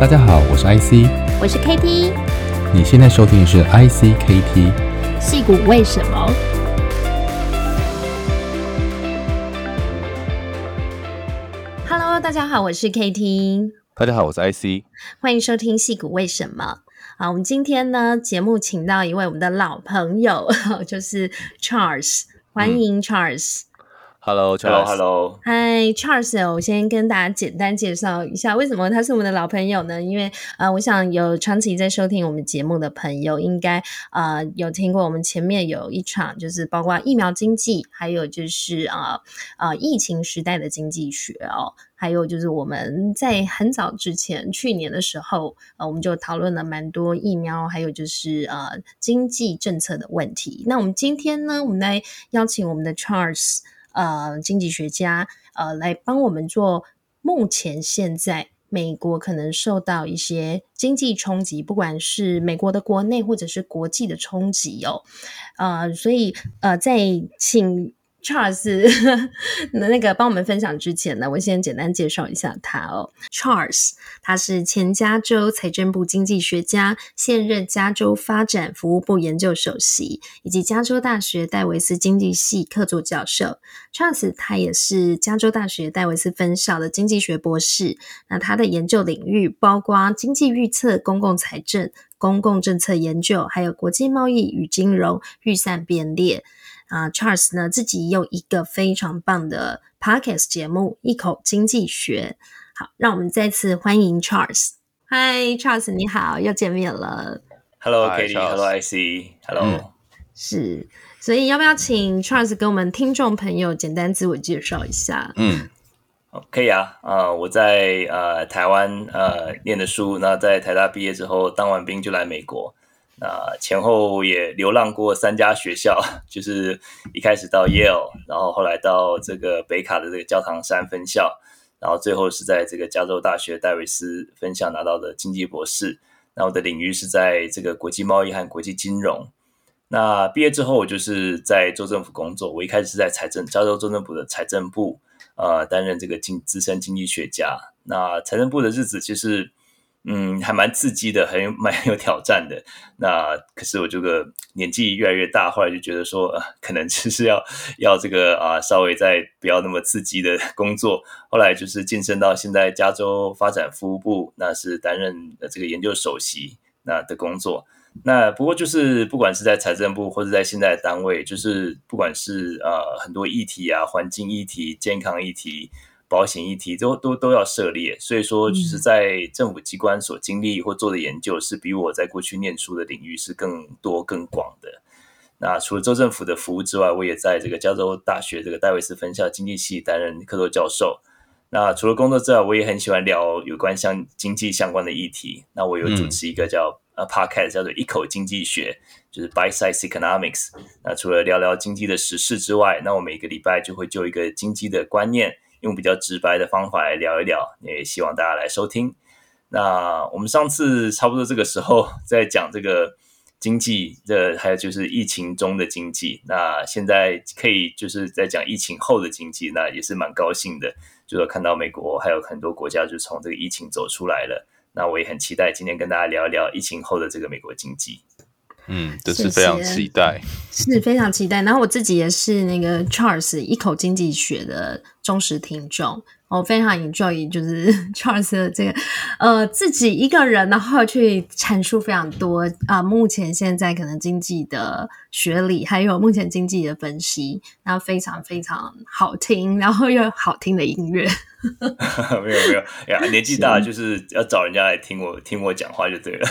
大家好，我是 IC，我是 KT，你現在收聽的是 ICKT，矽谷為什麼？Hello，大家好，我是 KT，大家好，我是 IC，歡迎收聽矽谷為什麼？好，我們今天呢，節目請到一位我們的老朋友，就是 Charles，歡迎 Charles。嗯 Hello，Charles。Hello，Hi，Charles。Hello, hello. 我先跟大家簡單介紹一下，為什麼他是我們的老朋友呢？因為啊、呃，我想有長期在收聽我們節目的朋友，應該啊、呃、有聽過我們前面有一場，就是包括疫苗經濟，還有就是啊啊、呃呃、疫情時代的經濟學哦，還有就是我們在很早之前去年的時候，呃，我們就討論了蠻多疫苗，還有就是啊、呃、經濟政策的問題。那我們今天呢，我們來邀請我們的 Charles。呃，經濟學家呃來幫我們做，目前現在美國可能受到一些經濟衝擊，不管是美國的國內或者是國際的衝擊哦，呃，所以呃，再請。Charles，呵呵，那個幫我們分享之前呢，我先簡單介紹一下他哦。Charles，他是前加州財政部經濟學家，現任加州發展服務部研究首席，以及加州大學戴維斯經濟系客座教授。Charles，他也是加州大學戴維斯分校的經濟學博士。那他的研究領域包括經濟預測、公共財政、公共政策研究，還有國際貿易與金融、預算編列。啊、uh,，Charles 呢，自己有一個非常棒的 Podcast 節目，《一口經濟學》。好，讓我們再次歡迎 Charles。嗨，Charles，你好，又見面了。Hello，KT，Hello，IC，Hello Hello, Hello.、嗯。是，所以要不要請 Charles 跟我們聽眾朋友簡單自我介紹一下？嗯，好，可以啊。啊，我在呃、uh, 台灣呃、uh, 唸的書，那在台大畢業之後，當完兵就來美國。啊，前後也流浪過三家學校，就是一開始到耶魯，然後後來到這個北卡的這個教堂山分校，然後最後是在這個加州大學戴維斯分校拿到的經濟博士。那我的領域是在這個國際貿易和國際金融。那畢業之後我就是在州政府工作，我一開始是在財政，加州州政府的財政部，呃，擔任這個經資深經濟學家。那財政部的日子其實。嗯，還蠻刺激的，還蠻有挑戰的。那可是我這個年紀越來越大，後來就覺得說，可能就是要要這個啊，稍微再不要那麼刺激的工作。後來就是晉升到現在加州發展服務部，那是擔任這個研究首席那的工作。那不過就是不管是在財政部或者在現在的單位，就是不管是呃、啊，很多議題啊，環境議題、健康議題。保險議題都都都要涉獵，所以說其實在政府機關所經歷或做的研究是比我在過去念書的領域是更多更廣的。那除了州政府的服務之外，我也在這個加州大學這個戴維斯分校經濟系擔任客座教授。那除了工作之外，我也很喜歡聊有關像經濟相關的議題。那我有主持一個叫呃 Podcast 叫做一口經濟學，就是 Bitesize Economics。那除了聊聊經濟的時事之外，那我每個禮拜就會就一個經濟的觀念。用比較直白的方法來聊一聊，也希望大家來收聽。那我們上次差不多這個時候在講這個經濟的，還有就是疫情中的經濟。那現在可以就是在講疫情後的經濟，那也是蠻高興的，就是看到美國還有很多國家就從這個疫情走出來了。那我也很期待今天跟大家聊一聊疫情後的這個美國經濟。嗯，這是非常期待，謝謝。是非常期待。然後我自己也是那個 Charles 一口經濟學的忠實聽眾。我非常 enjoy 就是 Charles 的這個，呃，自己一個人然後去闡述非常多啊、呃，目前現在可能經濟的學理，還有目前經濟的分析，然後非常非常好聽，然後又好聽的音樂。 沒有沒有呀，年紀大就是要找人家來聽我聽我講話就對了。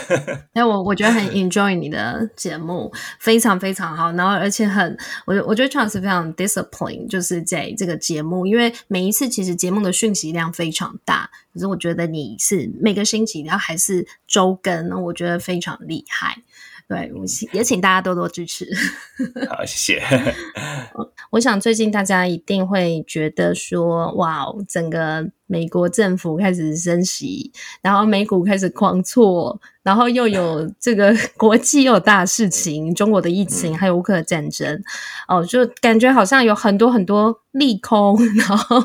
那 我我覺得很 enjoy 你的節目，非常非常好，然後而且很，我我覺得 Charles 非常 disciplined 就是在這個節目，因為每一次其實節目的訊息量非常大，可是我覺得你是每個星期，要還是週更，我覺得非常厲害。對，我也請大家多多支持。 好，謝謝。我想最近大家一定會覺得說，哇，整個美國政府開始升息，然後美股開始狂挫，然後又有這個國際又有大事情， 中國的疫情還有烏克蘭戰爭，哦，就感覺好像有很多很多利空，然後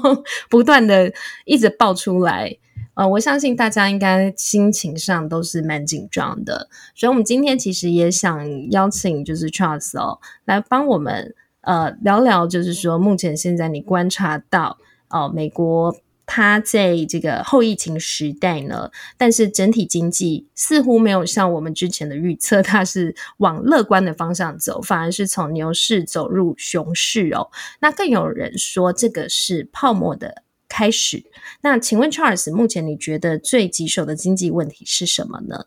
不斷的一直爆出來。呃，我相信大家應該心情上都是蠻緊張的，所以，我們今天其實也想邀請就是 Charles 哦，來幫我們呃聊聊，就是說目前現在你觀察到哦，呃，美國它在這個後疫情時代呢，但是整體經濟似乎沒有像我們之前的預測，它是往樂觀的方向走，反而是從牛市走入熊市哦。那更有人說，這個是泡沫的。開始。那請問 Charles，目前你覺得最棘手的經濟問題是什麼呢？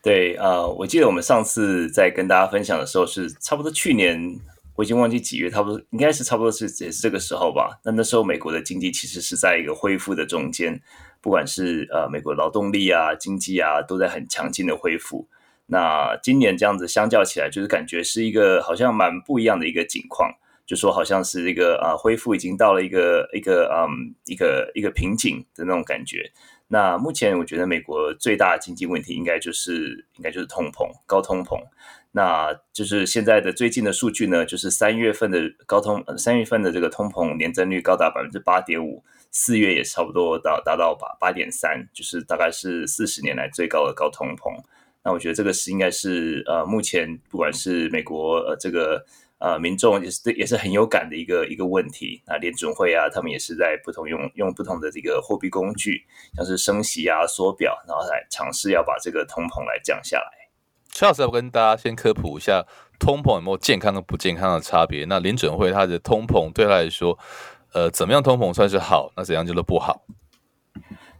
對，呃，我記得我們上次在跟大家分享的時候是，是差不多去年，我已經忘記幾月，差不多應該是差不多是也是這個時候吧。那那時候美國的經濟其實是在一個恢復的中間，不管是呃美國勞動力啊、經濟啊，都在很強勁的恢復。那今年這樣子，相較起來，就是感覺是一個好像蠻不一樣的一個景況。就說好像是一個啊、呃，恢復已經到了一個一個嗯，一個一個瓶頸的那種感覺。那目前我覺得美國最大的經濟問題應該就是應該就是通膨高通膨。那就是現在的最近的數據呢，就是三月份的高通，呃、三月份的這個通膨年增率高達百分之八點五，四月也差不多到達到八八點三，就是大概是四十年來最高的高通膨。那我覺得這個是應該是呃，目前不管是美國、呃、這個。呃，民眾也是對，也是很有感的一個一個問題。那聯準會啊，他們也是在不同用用不同的這個貨幣工具，像是升息啊、縮表，然後來嘗試要把這個通膨來降下來。廖老師要跟大家先科普一下，通膨有沒有健康跟不健康的差別？那聯準會它的通膨對他來說，呃，怎麼樣通膨算是好？那怎樣就是不好？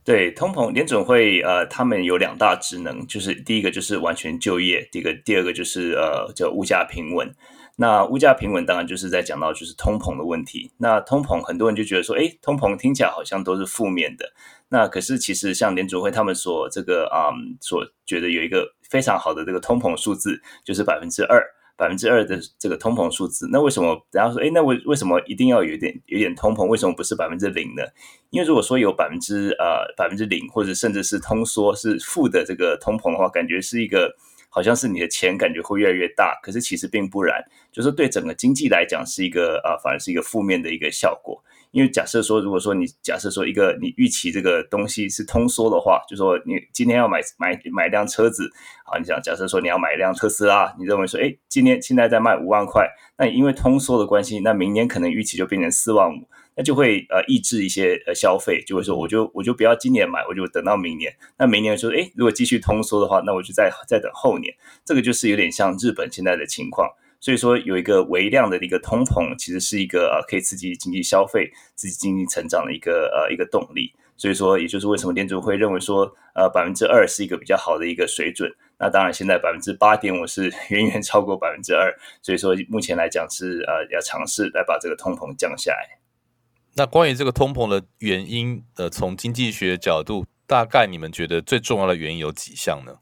對，通膨聯準會呃，他們有兩大職能，就是第一個就是完全就業，一個第二個就是呃叫物價平穩。那物價平穩當然就是在講到就是通膨的問題。那通膨很多人就覺得說，哎、欸，通膨聽起來好像都是負面的。那可是其實像聯儲會他們所這個啊、嗯，所覺得有一個非常好的這個通膨數字，就是百分之二，百分之二的這個通膨數字。那為什麼然後說，哎、欸，那為為什麼一定要有點有點通膨？為什麼不是百分之零呢？因為如果說有百分之啊、呃、百分之零，或者甚至是通縮是負的這個通膨的話，感覺是一個。好像是你的錢感覺會越來越大，可是其實並不然，就是對整個經濟來講是一個啊，呃，反而是一個負面的一個效果。因為假設說，如果說你假設說一個你預期這個東西是通縮的話，就是說你今天要買買買一輛車子，好，你想假設說你要買一輛特斯拉，你認為說，哎，今天現在在賣五萬塊，那因為通縮的關係，那明年可能預期就變成四萬五，那就會呃抑制一些呃消費，就會說我就我就不要今年買，我就等到明年。那明年說，哎，如果繼續通縮的話，那我就再再等後年。這個就是有點像日本現在的情況。所以說有一個微量的一個通膨，其實是一個呃可以刺激經濟消費、刺激經濟成長的一個呃一個動力。所以說，也就是為什麼聯準會認為說，呃百分之二是一個比較好的一個水準。那當然，現在百分之八點五是遠遠超過百分之二，所以說目前來講是呃要嘗試來把這個通膨降下來。那關於這個通膨的原因，呃，從經濟學角度，大概你們覺得最重要的原因有幾項呢？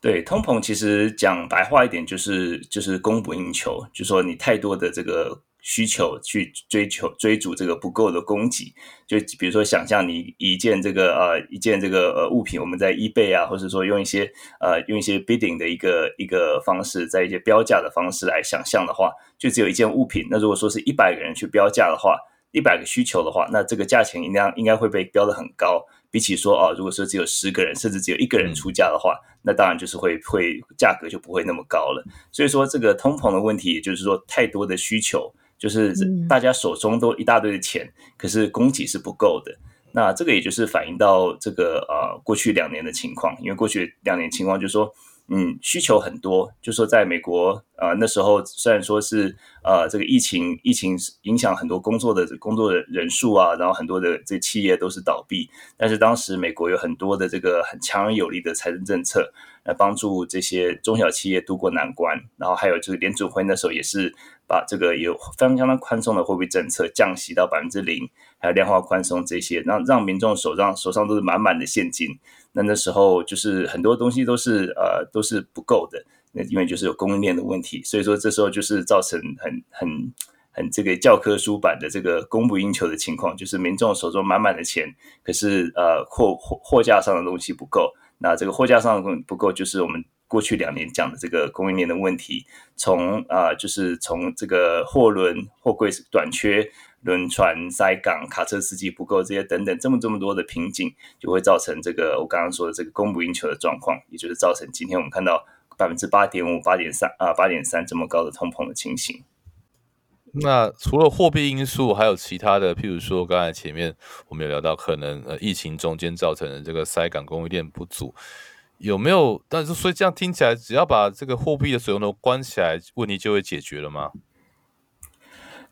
對，通膨其實講白話一點就是就是供不應求，就是說，你太多的這個需求去追求追逐這個不夠的供給。就比如說想象你一件這個呃一件這個呃物品，我們在 eBay 啊，或者說用一些呃用一些 bidding 的一個一個方式，在一些標價的方式來想象的話，就只有一件物品，那如果說是一百個人去標價的話，一百個需求的話，那這個價錢應該應該會被標得很高。比起說啊、哦，如果說只有十個人，甚至只有一個人出價的話，嗯、那當然就是會會價格就不會那麼高了。所以說這個通膨的問題，也就是說太多的需求，就是大家手中都一大堆的錢，嗯、可是供給是不夠的。那這個也就是反映到這個啊、呃、過去兩年的情況，因為過去兩年情況就是說。嗯，需求很多，就說在美國，啊、呃，那時候雖然說是，呃，這個疫情疫情影響很多工作的工作人，人數啊，然後很多的這個、企業都是倒閉，但是當時美國有很多的這個很強有力的財政政策來幫助這些中小企業渡過難關，然後還有就是聯儲會那時候也是把這個有非常相當寬鬆的貨幣政策，降息到百分之零，還有量化寬鬆這些，然後讓，讓民眾手上手上都是滿滿的現金。那那時候就是很多東西都是呃都是不夠的，那因為就是有供應鏈的問題，所以說這時候就是造成很很很這個教科書版的這個供不應求的情況，就是民眾手中滿滿的錢，可是呃貨貨貨架上的東西不夠，那這個貨架上的東西不夠就是我們過去兩年講的這個供應鏈的問題，從啊、呃、就是從這個貨輪貨櫃短缺。輪船塞港、卡車司機不夠這些等等，這麼這麼多的瓶頸，就會造成這個我剛剛說的這個供不應求的狀況，也就是造成今天我們看到百分之八點五、八點三啊、八點三這麼高的通膨的情形。那除了貨幣因素，還有其他的，譬如說剛才前面我們有聊到，可能呃疫情中間造成的這個塞港、供應鏈不足，有沒有？但是所以這樣聽起來，只要把這個貨幣的使用都關起來，問題就會解決了嗎？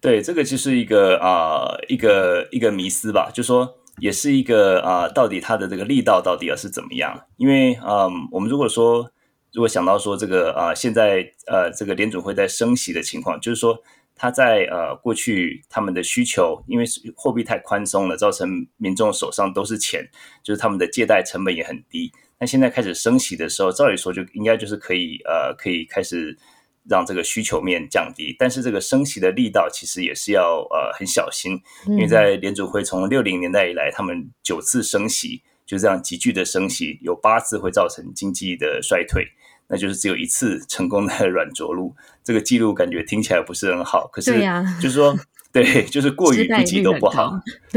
對，這個就是一個啊、呃，一個一個迷思吧，就是說也是一個啊、呃，到底它的這個力道到底要是怎麼樣？因為啊、呃，我們如果說如果想到說這個啊、呃，現在呃，這個聯準會在升息的情況，就是說它在呃過去他們的需求，因為貨幣太寬鬆了，造成民眾手上都是錢，就是他們的借貸成本也很低。那現在開始升息的時候，照理說就應該就是可以呃，可以開始。讓這個需求面降低，但是這個升息的力道其實也是要呃很小心，因為在聯儲會從六零年代以來，嗯、他們九次升息就這樣急劇的升息，有八次會造成經濟的衰退，那就是只有一次成功的軟着陸，這個記錄感覺聽起來不是很好。可是，就是說，對,啊、對，就是過於不及都不好，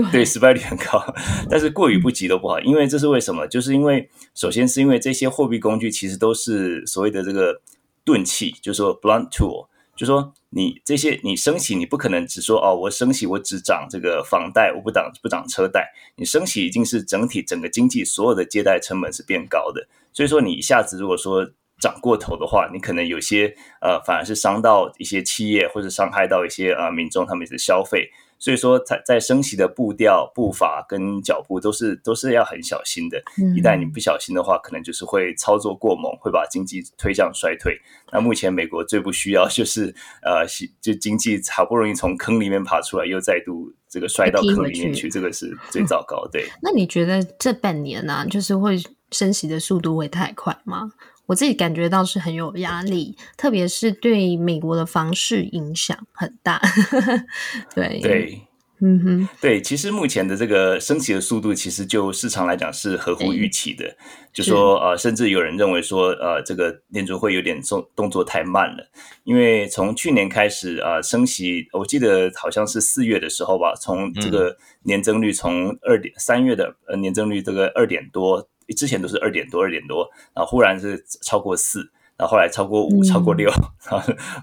對，失敗率很高。但是過於不及都不好，嗯、因為這是為什麼？就是因為首先是因為這些貨幣工具其實都是所謂的這個。鈍器就是說 blunt tool，就說你這些你升息你不可能只說哦，我升息我只漲這個房貸，我不漲不漲車貸。你升息已經是整體整個經濟所有的借貸成本是變高的，所以說你一下子如果說漲過頭的話，你可能有些呃，反而是傷到一些企業或者傷害到一些啊、呃、民眾他們的消費。所以說，在在升息的步調、步伐跟腳步都是都是要很小心的。一旦你不小心的話，可能就是會操作過猛，會把經濟推向衰退。那目前美國最不需要就是呃，就經濟好不容易從坑裡面爬出來，又再度這個摔到坑裡面去，這個是最糟糕對。對、嗯。那你覺得這半年呢、啊，就是會升息的速度會太快嗎？我自己感覺到是很有壓力，特別是對美國的房市影響很大。對 對，對嗯哼，對。其實目前的這個升息的速度，其實就市場來講是合乎預期的。哎、就說是呃，甚至有人認為說呃，這個聯儲會有點動動作太慢了，因為從去年開始呃，升息，我記得好像是四月的時候吧，從這個年增率從二點、嗯、三月的呃年增率這個二點多。之前都是二點多，二點多，然後忽然是超過四，然後後來超過五、嗯，超過六，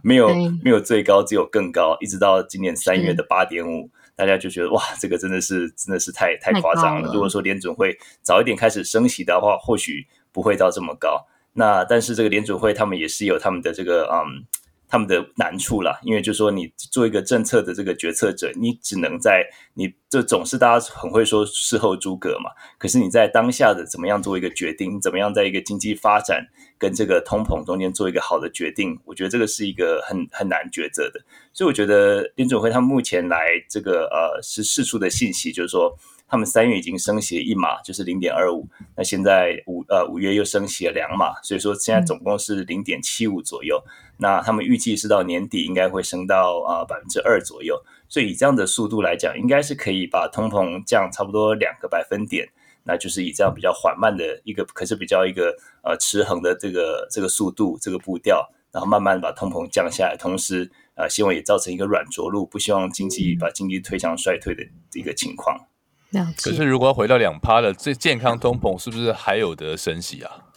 沒有對沒有最高，只有更高，一直到今年三月的八點五，大家就覺得哇，這個真的是真的是太太誇張了。了如果說聯準會早一點開始升息的話，或許不會到這麼高。那但是這個聯準會他們也是有他們的這個嗯。他們的難處啦，因為就是說，你做一個政策的這個決策者，你只能在你這總是大家很會說事後諸葛嘛。可是你在當下的怎麼樣做一個決定，怎麼樣在一個經濟發展跟這個通膨中間做一個好的決定，我覺得這個是一個很很難抉擇的。所以我覺得聯準會他目前來這個呃是釋出的信息，就是說他們三月已經升息一碼，就是零點二五，那現在五呃五月又升息了兩碼，所以說現在總共是零點七五左右。嗯那他們預計是到年底應該會升到啊百分之二左右，所以以這樣的速度來講，應該是可以把通膨降差不多兩個百分點，那就是以這樣比較緩慢的一個，可是比較一個呃持衡的這個這個速度這個步調，然後慢慢把通膨降下來，同時啊希望也造成一個軟着陸，不希望經濟把經濟推向衰退的一個情況。那、嗯嗯、可是如果要回到兩趴了，這健康通膨是不是還有得升息啊？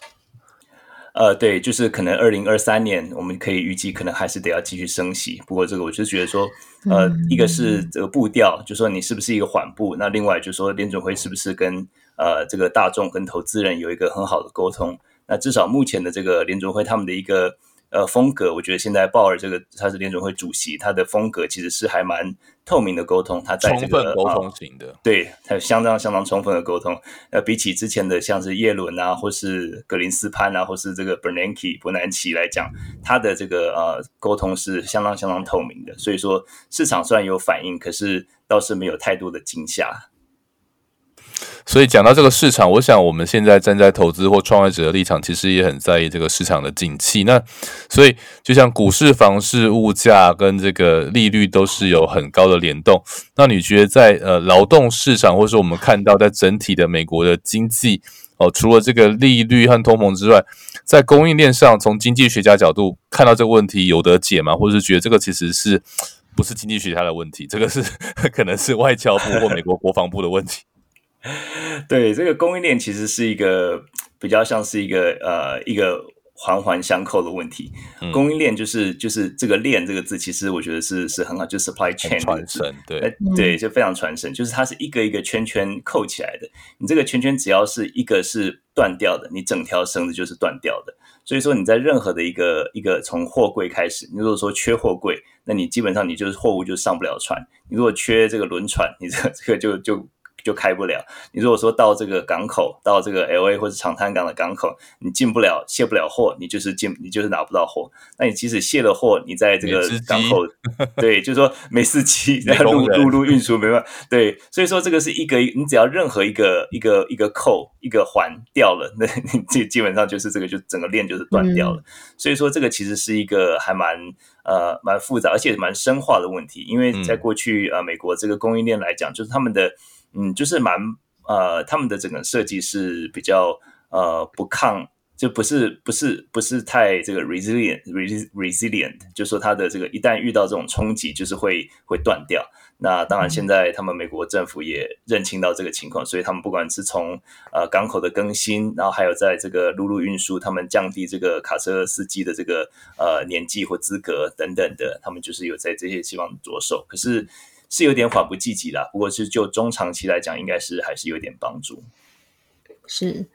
呃，對，就是可能二零二三年我們可以預計，可能還是得要繼續升息，不過這個我就覺得說，呃，嗯、一個是這個步調，就是、說你是不是一個緩步？那另外就是說聯準會是不是跟呃這個大眾跟投資人有一個很好的溝通？那至少目前的這個聯準會他們的一個。呃，風格我覺得現在鮑爾這個他是聯準會主席，他的風格其實是還蠻透明的溝通，他在這個充分溝通型的、啊、對，他有相當相當充分的溝通。呃，比起之前的像是耶倫啊，或是格林斯潘啊，或是這個 Bernanke 伯南奇來講，他的這個呃溝通是相當相當透明的。所以說市場雖然有反應，可是倒是沒有太多的驚嚇。所以講到這個市場，我想我們現在站在投資或創業者的立場，其實也很在意這個市場的景氣。那所以就像股市、房市、物價跟這個利率都是有很高的聯動。那你覺得在呃勞動市場，或者說我們看到在整體的美國的經濟哦、呃，除了這個利率和通膨之外，在供應鏈上，從經濟學家角度看到這個問題有得解嗎？或者是覺得這個其實是不是經濟學家的問題？這個是可能是外交部或美國國防部的問題。 對，這個供應鏈其實是一個比較像是一個呃一個環環相扣的問題。嗯、供應鏈就是就是這個“鏈”這個字，其實我覺得是是很好，就 supp、就是 supply chain，傳神，對對，就非常傳神。嗯、就是它是一個一個圈圈扣起來的。你這個圈圈只要是一個是斷掉的，你整條繩子就是斷掉的。所以說你在任何的一個一個從貨櫃開始，你如果說缺貨櫃，那你基本上你就是貨物就上不了船。你如果缺這個輪船，你這個、這個就就。就開不了。你如果說到這個港口，到這個 LA 或者長灘港的港口，你進不了、卸不了貨，你就是進，你就是拿不到貨。那你即使卸了貨，你在這個港口，吃對，就是說沒司機在陸陸路運輸， 入入運輸沒辦法。對，所以說這個是一個，你只要任何一個一個一個扣一個環掉了，那你這基本上就是這個就整個鏈就是斷掉了。嗯、所以說這個其實是一個還蠻呃蠻複雜，而且蠻深化的問題，因為在過去啊、嗯呃，美國這個供應鏈來講，就是他們的。嗯，就是蠻呃，他們的整個設計是比較呃不抗，就不是不是不是太這個 resilient res, resilient，就說它的這個一旦遇到這種衝擊，就是會會斷掉。那當然，現在他們美國政府也認清到這個情況，嗯。所以他們不管是從呃港口的更新，然後還有在這個陸路運輸，他們降低這個卡車司機的這個呃年紀或資格等等的，他們就是有在這些地方着手。可是。是有點緩不濟急的，不過是就中長期來講，應該是還是有點幫助。是。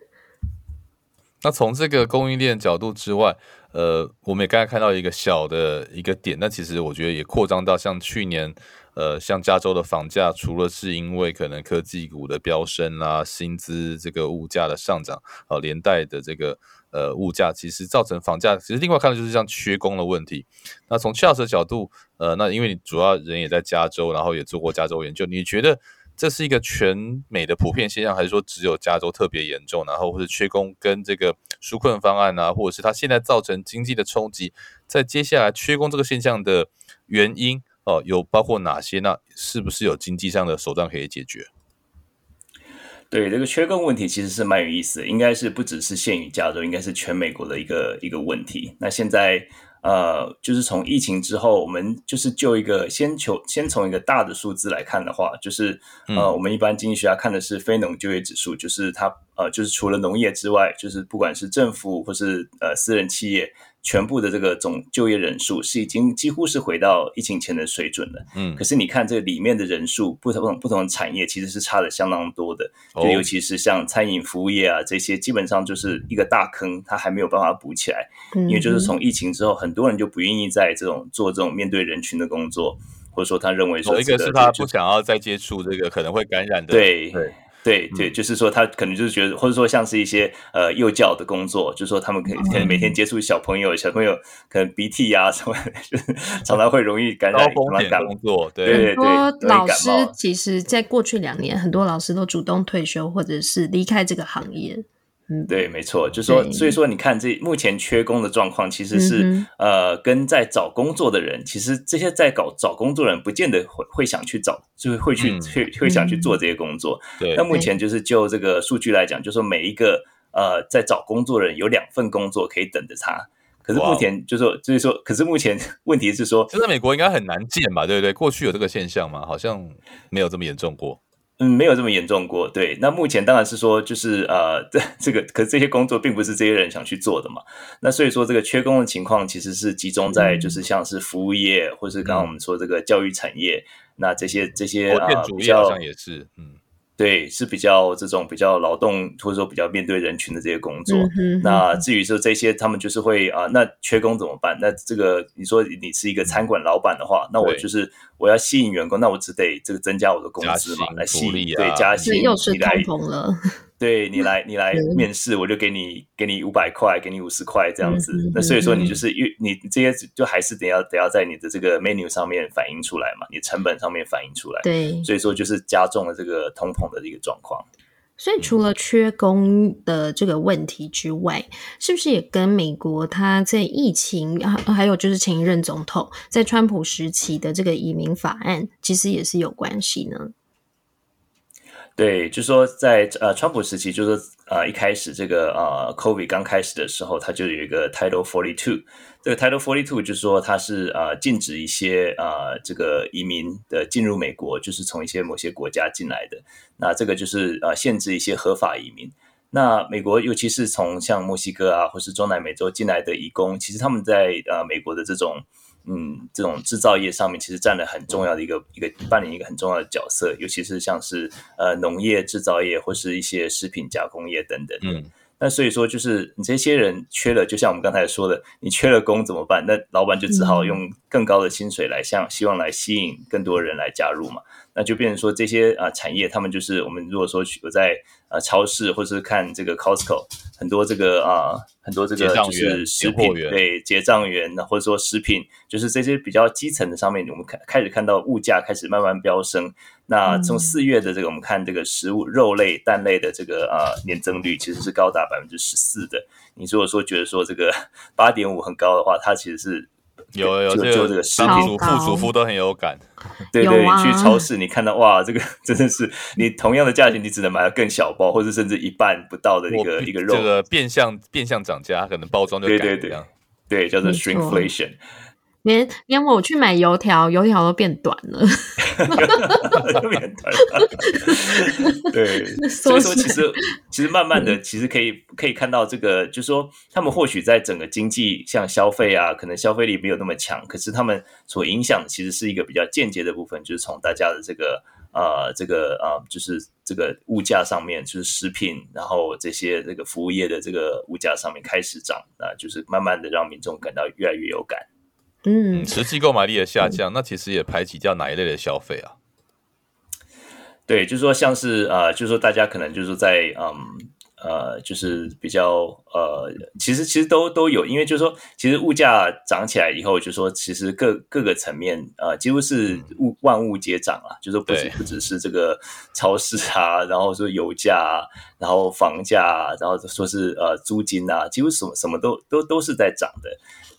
那從這個供應鏈角度之外，呃，我們也剛才看到一個小的一個點，那其實我覺得也擴張到像去年，呃，像加州的房價，除了是因為可能科技股的飆升啦、啊，薪資這個物價的上漲啊、呃，連帶的這個。呃，物價其實造成房價，其實另外看的就是像缺工的問題。那從 Charles 的角度，呃，那因為你主要人也在加州，然後也做過加州研究，你覺得這是一個全美的普遍現象，還是說只有加州特別嚴重？然後或者缺工跟這個紓困方案啊，或者是它現在造成經濟的衝擊，在接下來缺工這個現象的原因哦、呃，有包括哪些？那是不是有經濟上的手段可以解決？對，這個缺工問題其實是蠻有意思的，應該是不只是限於加州，應該是全美國的一個一個問題。那現在呃，就是從疫情之後，我們就是就一個先求先從一個大的數字來看的話，就是呃，我們一般經濟學家看的是非農就業指數，嗯、就是它呃就是除了農業之外，就是不管是政府或是呃私人企業，全部的這個總就業人數是已經幾乎是回到疫情前的水準了。嗯，可是你看這裡面的人數不同，不同,不同產業其實是差得相當多的。哦，就尤其是像餐飲服務業啊這些，基本上就是一個大坑，它還沒有辦法補起來。嗯哼，因為就是從疫情之後，很多人就不願意在這種做這種面對人群的工作，或者說他認為說，哦，一個是他不想要再接觸這個可能會感染的，對對。對對對，就是說他可能就是覺得，嗯、或者說像是一些呃幼教的工作，就是說他們可以每天接觸小朋友，嗯、小朋友可能鼻涕呀、啊、什麼，嗯什麼就是、常常會容易感染。高風險工作。對對對。對對，很多老師其實，在過去兩年，很多老師都主動退休或者是離開這個行業。嗯，對，沒錯，就說，嗯、所以說，你看這目前缺工的狀況，其實是、嗯、呃，跟在找工作的人，嗯、其實這些在搞找工作的人，不見得會會想去找，就是會去去、嗯、會，會想去做這些工作。對、嗯，那目前就是就這個數據來講，對就是說每一個、嗯、呃在找工作的人有兩份工作可以等着他，可是目前就說哇就是說，可是目前問題是說，現在美國應該很難見吧？對不對？過去有這個現象嗎？好像沒有這麼嚴重過。嗯，沒有這麼嚴重過。對，那目前當然是說，就是呃，這這個，可是這些工作並不是這些人想去做的嘛。那所以說，這個缺工的情況其實是集中在就是像是服務業，嗯、或是剛剛我們說這個教育產業，嗯、那這些這些啊，呃、主好像也是，較嗯。對，是比較這種比較勞動或者說比較面對人群的這些工作。嗯、哼哼那至於說這些，他們就是會啊、呃，那缺工怎麼辦？那這個你說你是一個餐館老闆的話，那我就是我要吸引員工，對那我只得這個增加我的工資嘛，薪來吸引，啊、對加薪來。又是通膨了。對你來，你來面試，嗯、我就給你給你五百塊，給你五十塊這樣子。嗯嗯嗯、那所以說，你就是月你這些就還是得要得要在你的這個 menu 上面反映出來嘛，你成本上面反映出來。對，所以說就是加重了這個通膨的這個狀況。所以除了缺工的這個問題之外，嗯、是不是也跟美國他在疫情，還有就是前一任總統在川普時期的這個移民法案，其實也是有關係呢？對，就是說在，在呃，川普時期，就是說，呃，一開始這個呃，COVID 剛開始的時候，他就有一個 Title 42，這個 Title 42就是說，它是呃，禁止一些呃，這個移民的進入美國，就是從一些某些國家進來的，那這個就是呃，限制一些合法移民。那美國尤其是從像墨西哥啊，或是中南美洲進來的移工，其實他們在呃，美國的這種。嗯，這種製造業上面其實占了很重要的一個一個扮演一個很重要的角色，尤其是像是呃農業、製造業或是一些食品加工業等等。嗯，那所以說就是你這些人缺了，就像我們剛才說的，你缺了工怎麼辦？那老闆就只好用更高的薪水來向、嗯、希望來吸引更多人來加入嘛。那就變成說這些啊、呃、產業，他們就是我們如果說我在啊、呃、超市或者是看這個 Costco，很多這個啊、呃、很多這個就是食品結賬員、結賬員，對結賬員，或者說食品，就是這些比較基層的上面，我們看開始看到物價開始慢慢飆升。那從四月的這個、嗯、我們看這個食物肉類蛋類的這個啊、呃、年增率其實是高達百分之十四的。你如果說覺得說這個八點五很高的話，它其實是。有有就，就這個食品主糕副主婦都很有感，對，對對，嗎你去超市你看到哇，這個真的是你同樣的價錢，你只能買到更小包，或者甚至一半不到的一個我一個肉，這個變相變相漲價，可能包裝就改變，樣，對，對，對，對叫做 shrinkflation。連連我去買油條，油條都變短了。 短了 對，所以說其實其實慢慢的，其實可以可以看到這個，就是說他們或許在整個經濟像消費啊，可能消費力沒有那麼強，可是他們所影響的其實是一個比較間接的部分，就是從大家的這個啊、呃、這個啊、呃，就是這個物價上面，就是食品，然後這些這個服務業的這個物價上面開始漲，啊，就是慢慢的讓民眾感到越來越有感。嗯，實際購買力的下降，嗯、那其實也排擠掉哪一類的消費啊？對，就是說，像是呃，就是說，大家可能就是在嗯呃，就是比較呃，其實其實都都有，因為就是說，其實物價漲起來以後，就是說其實各各個層面啊、呃，幾乎是物萬物皆漲了、啊，嗯、就是不只不只是這個超市啊，然後說油價、啊，然後房價、啊，然後說是呃租金啊，幾乎什麼什麼都都都是在漲的。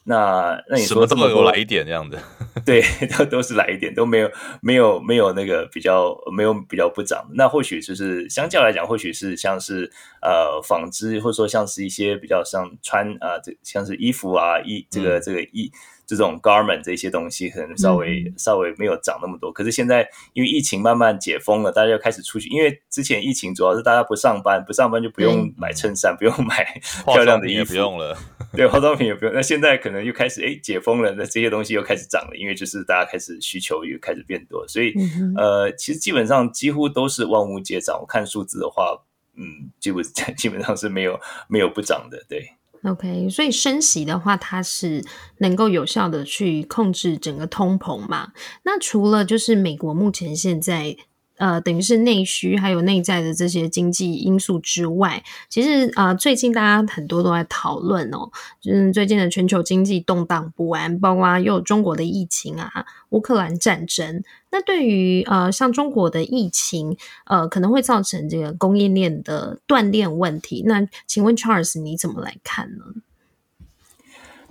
那那你說這麼多，什麼都有來一點這樣的。 對，都都是來一點，都沒有沒有沒有那個比較沒有比較不漲。那或許就是相較來講，或許是像是呃紡織，或者說像是一些比較像穿啊，這、呃、像是衣服啊，衣這個、嗯、這個衣。這種 garment 這些東西可能稍微稍微沒有漲那麼多，嗯、可是現在因為疫情慢慢解封了，大家又開始出去。因為之前疫情主要是大家不上班，不上班就不用買襯衫，嗯、不用買漂亮的衣服，化妝品也不用了。 對，化妝品也不用。那現在可能又開始，欸，解封了，那這些東西又開始漲了，因為就是大家開始需求又開始變多。所以，嗯、哼呃，其實基本上幾乎都是萬物皆漲。我看數字的話，嗯，基本基本上是沒有沒有不漲的，對。OK，所以升息的話，它是能夠有效的去控制整個通膨嘛？那除了就是美國目前現在。呃，等於是內需還有內在的這些經濟因素之外，其實呃，最近大家很多都在討論哦，就是最近的全球經濟動盪不安包、啊，包括又有中國的疫情啊、烏克蘭戰爭。那對於呃，像中國的疫情，呃，可能會造成這個供應鏈的斷裂問題。那請問 Charles 你怎麼來看呢？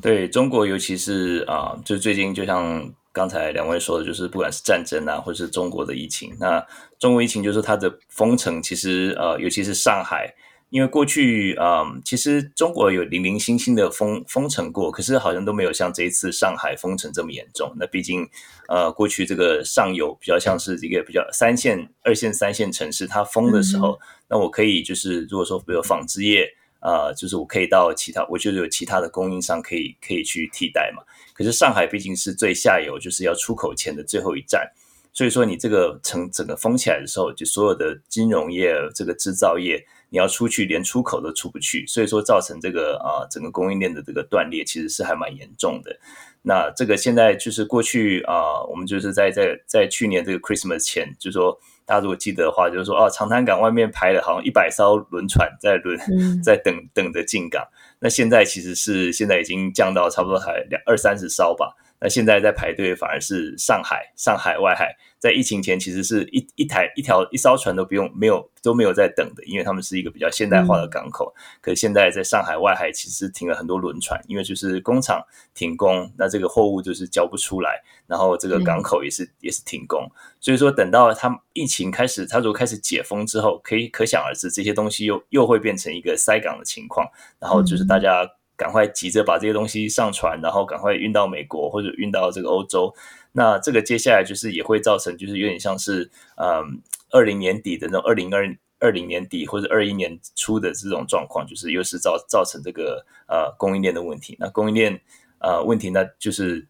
對中國，尤其是啊、呃，就最近就像。剛才兩位說的就是，不管是戰爭啊，或者是中國的疫情。那中國疫情就是它的封城，其實呃，尤其是上海，因為過去啊、呃，其實中國有零零星星的封封城過，可是好像都沒有像這一次上海封城這麼嚴重。那畢竟呃，過去這個上游比較像是一個比較三線、二線、三線城市，它封的時候，嗯哼。那我可以就是如果說比如紡織業。啊、呃，就是我可以到其他，我覺得有其他的供應商可以可以去替代嘛。可是上海畢竟是最下游，就是要出口前的最後一站，所以說你這個城整個封起來的時候，就所有的金融業、這個制造業，你要出去連出口都出不去，所以說造成這個啊、呃、整個供應鏈的這個斷裂，其實是還蠻嚴重的。那這個現在就是過去啊、呃，我們就是在在在去年這個 Christmas 前就是說。大家如果記得的話，就是說，哦，長灘港外面排了好像一百艘輪船在輪在等等着進港。嗯、那現在其實是現在已經降到差不多還兩二三十艘吧。那現在在排隊反而是上海上海外海，在疫情前其實是一一台一條一艘船都不用沒有都沒有在等的，因為他們是一個比較現代化的港口。可現在在上海外海其實停了很多輪船，因為就是工廠停工，那這個貨物就是交不出來，然後這個港口也是也是停工。所以說，等到他疫情開始，他如果開始解封之後，可以可想而知這些東西又又會變成一個塞港的情況，然後就是大家。趕快急着把這些東西上傳，然後趕快運到美國或者運到這個歐洲。那這個接下來就是也會造成，就是有點像是嗯二零年底的那種二零二二零年底或者二一年初的這種狀況，就是又是造造成這個呃供應鏈的問題。那供應鏈啊、呃、問題，那就是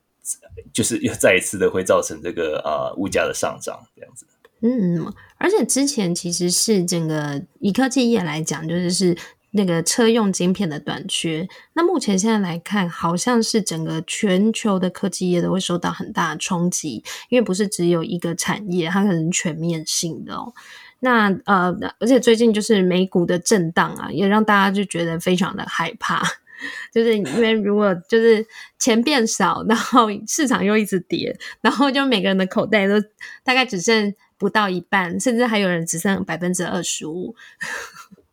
就是又再一次的會造成這個呃物價的上漲這樣子。嗯，而且之前其實是整個以科技業來講，就是是。那個車用晶片的短缺，那目前現在來看，好像是整個全球的科技業都會受到很大的衝擊，因為不是只有一個產業，它可能全面性的哦。那呃，而且最近就是美股的震盪啊，也讓大家就覺得非常的害怕，就是因為如果就是錢變少， 然後市場又一直跌，然後就每個人的口袋都大概只剩不到一半，甚至還有人只剩百分之二十五。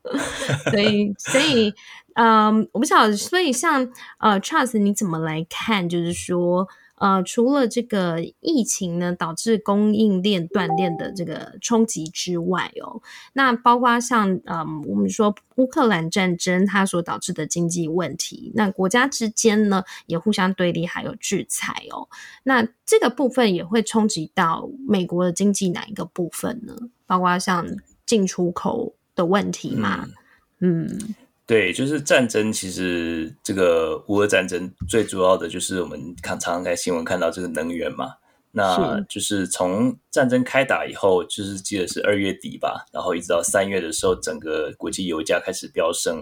所以，所以，嗯，我不曉得。所以像，像呃 Charles 你怎麼來看？就是說，呃，除了這個疫情呢，導致供應鏈斷裂的這個衝擊之外，哦，那包括像，嗯，我們說烏克蘭戰爭它所導致的經濟問題，那國家之間呢也互相對立，還有制裁哦，那這個部分也會衝擊到美國的經濟哪一個部分呢？包括像進出口。的問題嘛，嗯，嗯對，就是戰爭，其實這個烏俄戰爭最主要的就是我們常常在新聞看到這個能源嘛，那就是從戰爭開打以後，就是記得是二月底吧，然後一直到三月的時候，整個國際油價開始飆升。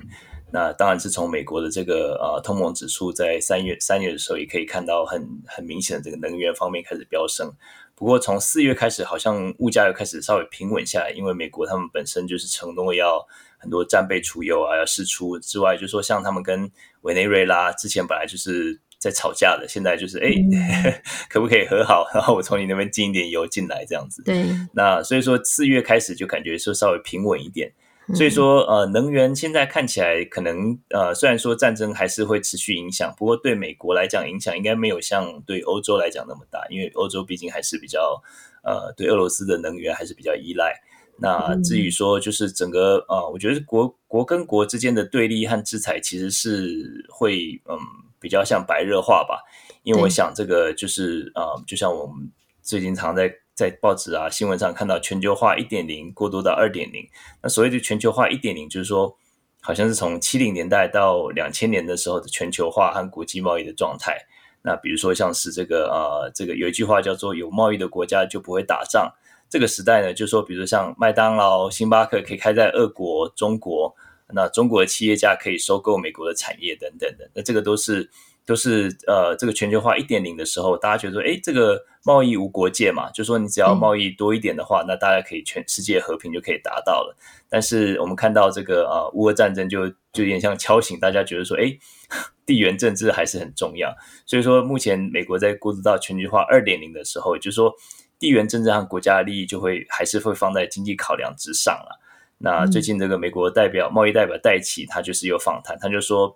那當然是從美國的這個呃通膨指數在三月三月的時候，也可以看到很很明顯的這個能源方面開始飆升。不過從四月開始，好像物價又開始稍微平穩下來，因為美國他們本身就是承諾要很多戰備儲油啊，要釋出之外，就是說像他們跟委內瑞拉之前本來就是在吵架的，現在就是哎、欸，可不可以和好？然後我從你那邊進一點油進來這樣子。對，那所以說四月開始就感覺說稍微平穩一點。所以說，呃，能源現在看起來可能，呃，雖然說戰爭還是會持續影響，不過對美國來講影響應該沒有像對歐洲來講那麼大，因為歐洲畢竟還是比較，呃，對俄羅斯的能源還是比較依賴。那至於說，就是整個，呃，我覺得國國跟國之間的對立和制裁其實是會，嗯，比較像白熱化吧，因為我想這個就是，對呃，就像我們最近常在。在報紙啊、新聞上看到全球化一點零過渡到二點零，那所謂的全球化一點零，就是說好像是從七零年代到兩千年的時候的全球化和國際貿易的狀態。那比如說像是這個呃，這個有一句話叫做“有貿易的國家就不會打仗”。這個時代呢，就說比如說像麥當勞、星巴克可以開在俄國、中國，那中國的企業家可以收購美國的產業等等的，那這個都是。都是呃，這個全球化一點零的時候，大家覺得說，哎、欸，這個貿易無國界嘛，就說你只要貿易多一點的話，嗯、那大家可以全世界和平就可以達到了。但是我們看到這個啊，烏、呃、俄戰爭就就有點像敲醒大家，覺得說，哎、欸，地緣政治還是很重要。所以說，目前美國在過渡到全球化二點零的時候，就是說地緣政治和國家的利益就會還是會放在經濟考量之上了。那最近這個美國代表貿、嗯、易代表戴琪，他就是有訪談，他就說。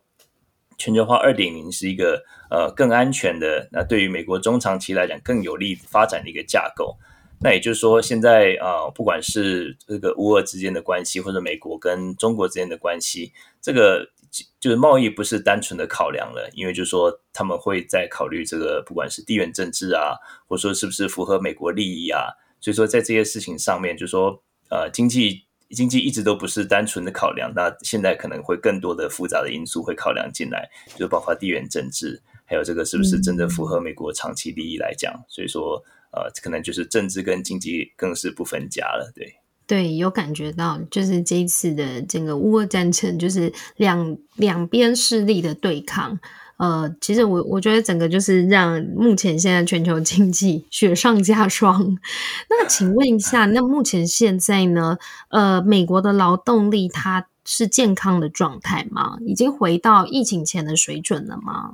全球化二點零是一個呃更安全的，那對於美國中長期來講更有利發展的一個架構。那也就是說，現在啊，呃，不管是這個烏俄之間的關係，或者美國跟中國之間的關係，這個就就是貿易不是單純的考量了，因為就是說他們會再考慮這個，不管是地緣政治啊，或者說是不是符合美國利益啊。所以說在這些事情上面，就是說，呃，經濟。經濟一直都不是單純的考量，那現在可能會更多的複雜的因素會考量進來，就包括地緣政治，還有這個是不是真正符合美國長期利益來講，嗯、所以說呃，可能就是政治跟經濟更是不分家了，對。對，有感覺到，就是這一次的整個烏俄戰爭，就是兩兩邊勢力的對抗。呃，其實我我覺得整個就是讓目前現在全球經濟雪上加霜。那請問一下，那目前現在呢？呃，美國的勞動力它是健康的狀態嗎？已經回到疫情前的水準了嗎？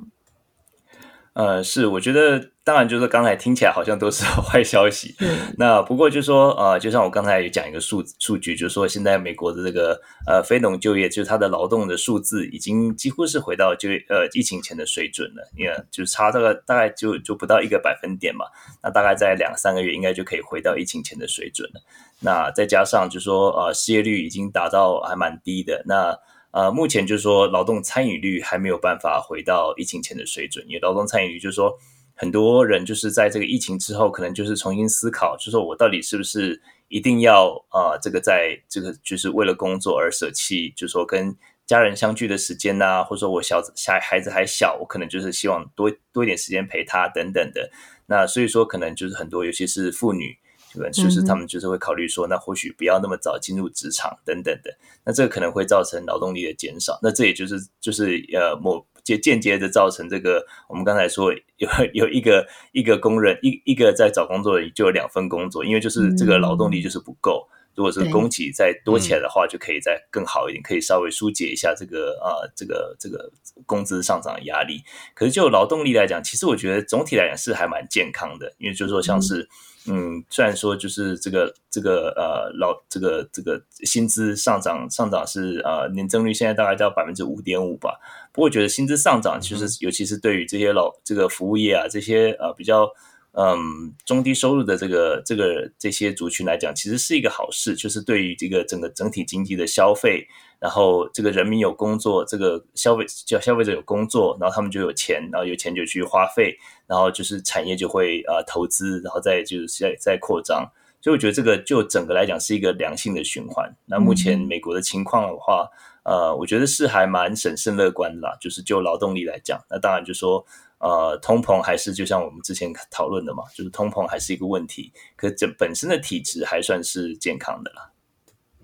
呃、嗯，是，我覺得當然就是剛才聽起來好像都是壞消息。那不過就是說呃，就像我剛才有講一個數數據，就是說現在美國的這個呃非農就業，就是它的勞動的數字已經幾乎是回到就呃疫情前的水準了。你看，就差這個大概就就不到一個百分點嘛。那大概在兩三個月應該就可以回到疫情前的水準了。那再加上就是說呃失業率已經達到還蠻低的。那呃，目前就是說，勞動參與率還沒有辦法回到疫情前的水準，因為勞動參與率就是說，很多人就是在這個疫情之後，可能就是重新思考，就是說我到底是不是一定要啊、呃，這個在這個就是為了工作而捨棄，就是說跟家人相聚的時間啊，或者說我小子，小孩子還小，我可能就是希望多多一點時間陪他等等的。那所以說，可能就是很多，尤其是婦女。對，就是他們就是會考慮說，那或許不要那麼早進入職場等等等，那這個可能會造成勞動力的減少，那這也就是就是呃，某，間間接的造成這個，我們剛才說有有一個一個工人一一個在找工作的人就有兩份工作，因為就是這個勞動力就是不夠。嗯如果是供給再多起來的話，就可以再更好一點，可以稍微疏解一下這個啊、呃，這個這個工資上漲的壓力。可是就勞動力來講，其實我覺得總體來講是還蠻健康的，因為就是說像是嗯，雖然說就是這個這個呃老這個這個薪資上漲上漲是啊、呃，年增率現在大概到百分之五點五吧。不過我覺得薪資上漲，其實尤其是對於這些老這個服務業啊這些啊、呃、比較。嗯，中低收入的這個、這個這些族群來講，其實是一個好事，就是對於這個整個整體經濟的消費，然後這個人民有工作，這個消費叫消費者有工作，然後他們就有錢，然後有錢就去花費，然後就是產業就會啊、呃、投資，然後再就是再再擴張，所以我覺得這個就整個來講是一個良性的循環。嗯、那目前美國的情況的話，呃，我覺得是還蠻審慎樂觀的啦，就是就勞動力來講，那當然就說。呃，通膨還是就像我們之前討論的嘛，就是通膨還是一個問題，可是這本身的體質還算是健康的啦。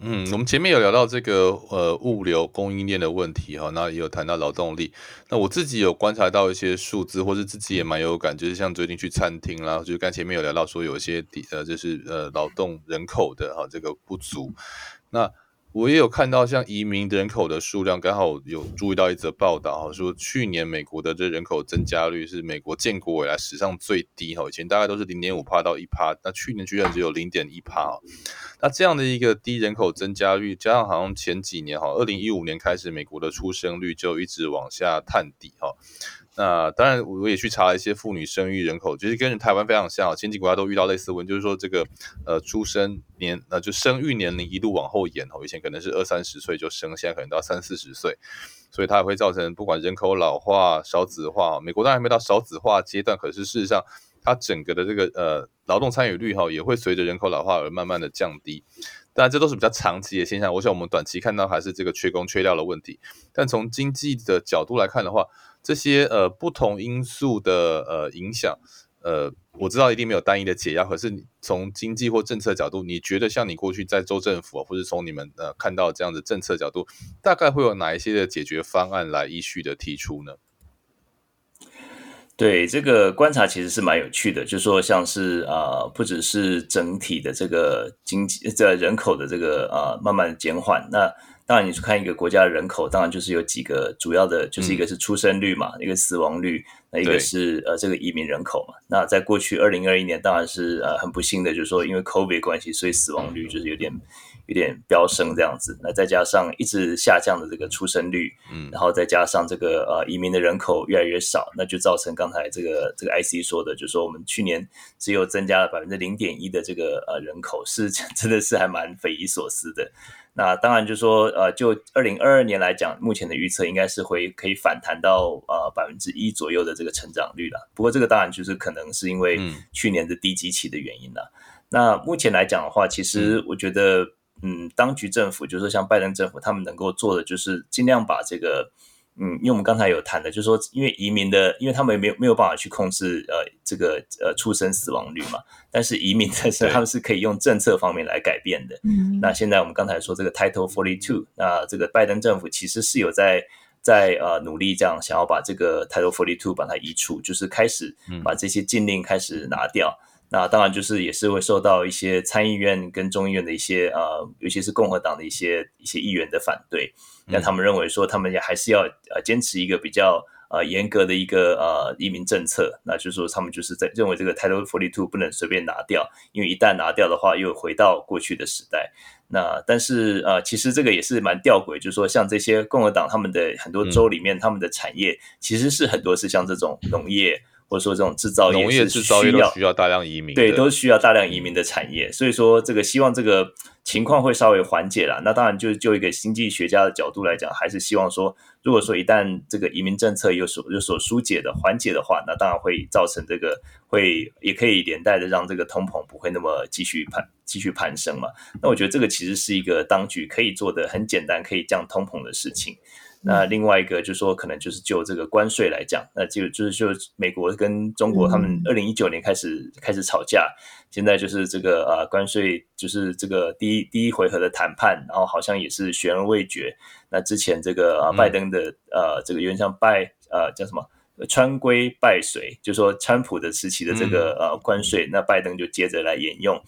嗯，我們前面有聊到這個呃物流供應鏈的問題哈、哦，那也有談到勞動力。那我自己有觀察到一些數字，或是自己也蠻有感，就是像最近去餐廳啦，就是剛前面有聊到說有一些呃，就是呃勞動人口的哈、哦、這個不足，那。我也有看到，像移民人口的數量，剛好有注意到一則報道哈，說去年美國的這人口增加率是美國建國以來史上最低哈，以前大概都是零點五趴到一趴，那去年居然只有零點一趴，那這樣的一個低人口增加率，加上好像前幾年哈，二零一五年開始，美國的出生率就一直往下探底哈。那、呃、當然，我也去查了一些婦女生育人口，就是跟台灣非常像，經濟國家都遇到類似問，就是說這個呃出生年，呃就生育年齡一路往後延哈，以前可能是二三十歲就生，現在可能到三四十歲，所以它也會造成不管人口老化、少子化，美國當然還沒到少子化階段，可是事實上它整個的這個呃勞動參與率哈也會隨着人口老化而慢慢的降低，當然這都是比較長期的現象，我想我們短期看到還是這個缺工缺料的問題，但從經濟的角度來看的話，這些呃不同因素的呃影響，呃，我知道一定沒有單一的解藥，可是從經濟或政策角度，你覺得像你過去在州政府，或者從你們呃看到這樣的政策的角度，大概會有哪一些的解決方案來依序的提出呢？對，這個觀察其實是蠻有趣的，就是說像是啊、呃，不只是整體的這個經濟在人口的這個啊、呃，慢慢減緩那。當然，你去看一個國家的人口，當然就是有幾個主要的，就是一個是出生率嘛，嗯、一個死亡率。那一個是對呃，這個移民人口嘛。那在過去二零二一年，當然是呃很不幸的，就是說因為 COVID 關係，所以死亡率就是有點有點飆升這樣子。那再加上一直下降的這個出生率，嗯，然後再加上這個呃移民的人口越來越少，那就造成剛才這個這個 IC 說的，就是說我們去年只有增加了百分之零點一的這個呃人口，是真的是還蠻匪夷所思的。那當然就是說呃，就二零二二年來講，目前的預測應該是會可以反彈到呃百分之一左右的。這個成長率了，不過這個當然就是可能是因為去年的低基期的原因了。嗯、那目前來講的話，其實我覺得，嗯，嗯，當局政府就是說像拜登政府，他們能夠做的就是盡量把這個，嗯，因為我們剛才有談的，就是說，因為移民的，因為他們也沒有沒有辦法去控制呃這個呃出生死亡率嘛，但是移民的是對他們是可以用政策方面來改變的。嗯，那現在我們剛才說這個 Title Forty Two，那這個拜登政府其實是有在。在呃努力，這樣想要把這個 Title 42把它移除，就是開始把這些禁令開始拿掉。那當然就是也是會受到一些參議院跟眾議院的一些呃，尤其是共和黨的一些一些議員的反對。那他們認為說，他們也還是要呃堅持一個比較。啊，嚴、呃、格的一個呃移民政策，那就是說他們就是在認為這個 Title 42不能隨便拿掉，因為一旦拿掉的話，又回到過去的時代。那但是呃，其實這個也是蠻吊詭，就是說像這些共和黨他們的很多州裡面，他們的產業、嗯、其實是很多是像這種農業。嗯或者說這種製造業，是需要農業製造業都需要大量移民，對，都需要大量移民的產業。所以說，這個希望這個情況會稍微緩解了。那當然就，就是就一個經濟學家的角度來講，還是希望說，如果說一旦這個移民政策有所有所疏解、的緩解的話，那當然會造成這個會也可以連帶的讓這個通膨不會那麼繼續攀繼續攀升嘛。那我覺得這個其實是一個當局可以做的很簡單可以降通膨的事情。那另外一個就是說，可能就是就這個關稅來講，那就就是就美國跟中國他們二零一九年開始、嗯、開始吵架，現在就是這個呃關稅就是這個第一第一回合的談判，然後好像也是懸而未決。那之前這個、呃嗯、拜登的呃這個有點像拜呃叫什麼川規拜隨，就是說川普的時期的這個、嗯、呃關稅，那拜登就接着來沿用。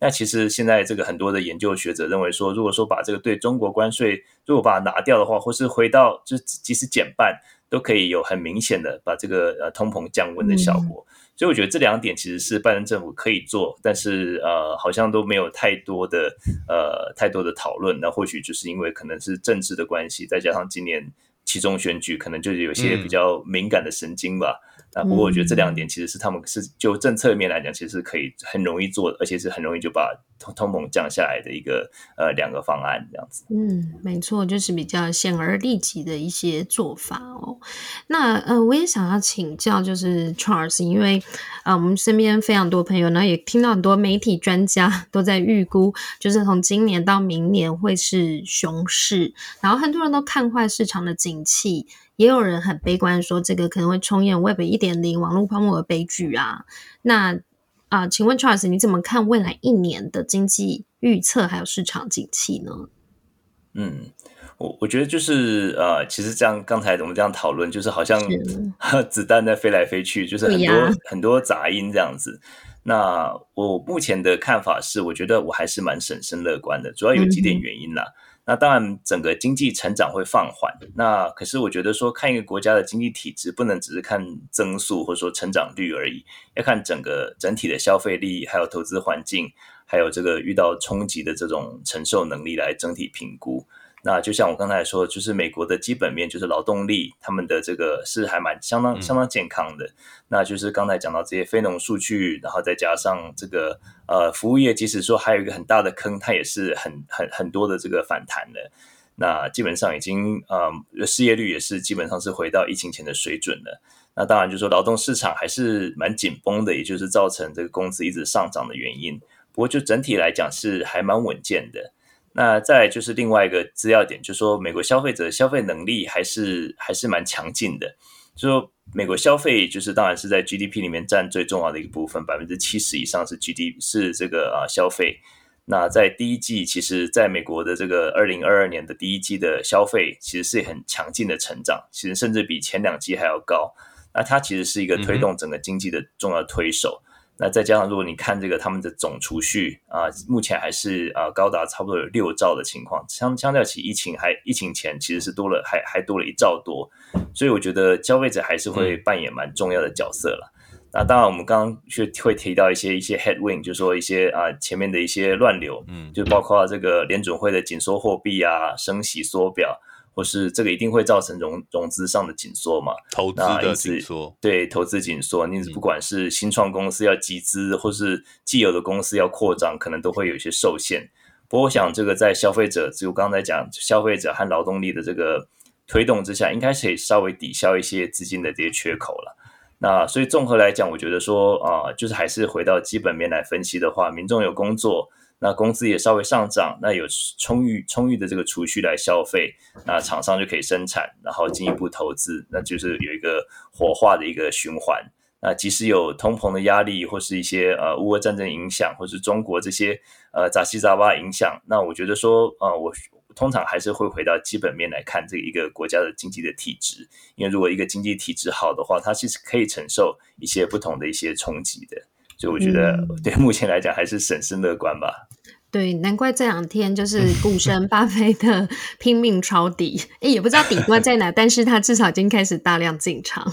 那其實現在這個很多的研究學者認為說，如果說把這個對中國關稅，如果把它拿掉的話，或是回到就即使減半，都可以有很明顯的把這個呃通膨降溫的效果。Mm hmm. 所以我覺得這兩點其實是拜登政府可以做，但是呃好像都沒有太多的呃太多的討論。那或許就是因為可能是政治的關係，再加上今年期中選舉，可能就有些比較敏感的神經吧。Mm hmm. 啊，那不過我覺得這兩點其實是他們是就政策面來講，其實是可以很容易做的，而且是很容易就把通通膨降下來的一個呃兩個方案這樣子。嗯，沒錯，就是比較顯而易見的一些做法哦。那呃，我也想要請教就是 Charles，因為。啊、呃，我們身邊非常多朋友呢，也聽到很多媒體專家都在預估，就是從今年到明年會是熊市，然後很多人都看壞市場的景氣，也有人很悲觀說，這個可能會重演 Web 一點零網絡泡沫的悲劇啊。那啊、呃，請問 Charles，你怎麼看未來一年的經濟預測還有市場景氣呢？嗯。我我覺得就是呃，其實這樣剛才我們這樣討論，就是好像子彈在飛來飛去，就是很多很多雜音這樣子。那我目前的看法是，我覺得我還是蠻審慎樂觀的，主要有幾點原因啦。那當然，整個經濟成長會放緩，那可是我覺得說，看一個國家的經濟體質，不能只是看增速或者說成長率而已，要看整個整體的消費力，還有投資環境，還有這個遇到衝擊的這種承受能力來整體評估。那就像我剛才說，就是美國的基本面，就是勞動力，他們的這個是還蠻相當相當健康的。嗯、那就是剛才講到這些非農數據，然後再加上這個呃服務業，即使說還有一個很大的坑，它也是很很很多的這個反彈的。那基本上已經嗯、呃、失業率也是基本上是回到疫情前的水準了。那當然就是說勞動市場還是蠻緊繃的，也就是造成這個工資一直上漲的原因。不過就整體來講是還蠻穩健的。那再就是另外一個資料點，就說美國消費者的消費能力還是還是蠻強勁的。就說美國消費就是當然是在 GDP 裡面佔最重要的一個部分，百分之七十以上是 GDP 是這個啊消費。那在第一季，其實在美國的這個二零二二年的第一季的消費其實是很強勁的成長，其實甚至比前兩季還要高。那它其實是一個推動整個經濟的重要的推手。嗯嗯那再加上，如果你看這個他們的總儲蓄啊、呃，目前還是啊、呃、高達差不多有六兆的情況，相相較起疫情還疫情前其實是多了，還還多了一兆多，所以我覺得消費者還是會扮演蠻重要的角色了。嗯、那當然，我們剛剛去會提到一些一些 headwind，就說一些啊、呃、前面的一些亂流，嗯，就包括這個聯準會的緊縮貨幣啊，升息縮表。或是這個一定會造成融融資上的緊縮嘛？投資的緊縮，說對，投資緊縮。你、嗯、不管是新創公司要集資，或是既有的公司要擴張，可能都會有一些受限。不過，我想這個在消費者就剛才講消費者和勞動力的這個推動之下，應該是可以稍微抵消一些資金的這些缺口了。嗯、那所以綜合來講，我覺得說啊、呃，就是還是回到基本面來分析的話，民眾有工作。那工資也稍微上漲，那有充裕充裕的這個儲蓄來消費，那廠商就可以生產，然後進一步投資，那就是有一個活化的一個循環。那即使有通膨的壓力，或是一些呃烏俄戰爭影響，或是中國這些呃雜七雜八影響，那我覺得說啊、呃，我通常還是會回到基本面來看這一個國家的經濟的體制，因為如果一個經濟體制好的話，它其實可以承受一些不同的一些衝擊的。所以我覺得，對目前來講還是審慎樂觀吧、嗯。對，難怪這兩天就是股神巴菲特拼命抄底 誒，也不知道底端在哪，但是他至少已經開始大量進場，